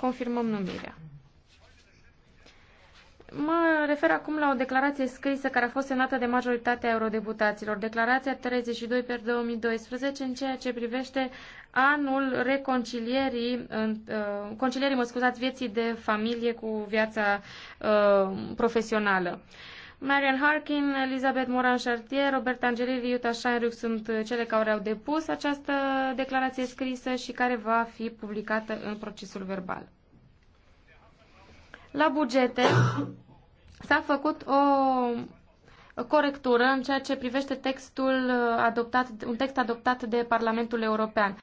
confirmăm numirea. Mă refer acum la o declarație scrisă care a fost semnată de majoritatea eurodeputaților. Declarația 32 per 2012 în ceea ce privește anul reconcilierii, uh, concilierii, mă scuzați, vieții de familie cu viața uh, profesională. Uh, Marian Harkin, Elizabeth Moran-Chartier, Robert Angelil, Iuta Steinruck sunt uh, cele care au depus această declarație scrisă și care va fi publicată în procesul verbal. La bugete s-a făcut o corectură în ceea ce privește textul uh, adoptat, un text adoptat de Parlamentul European.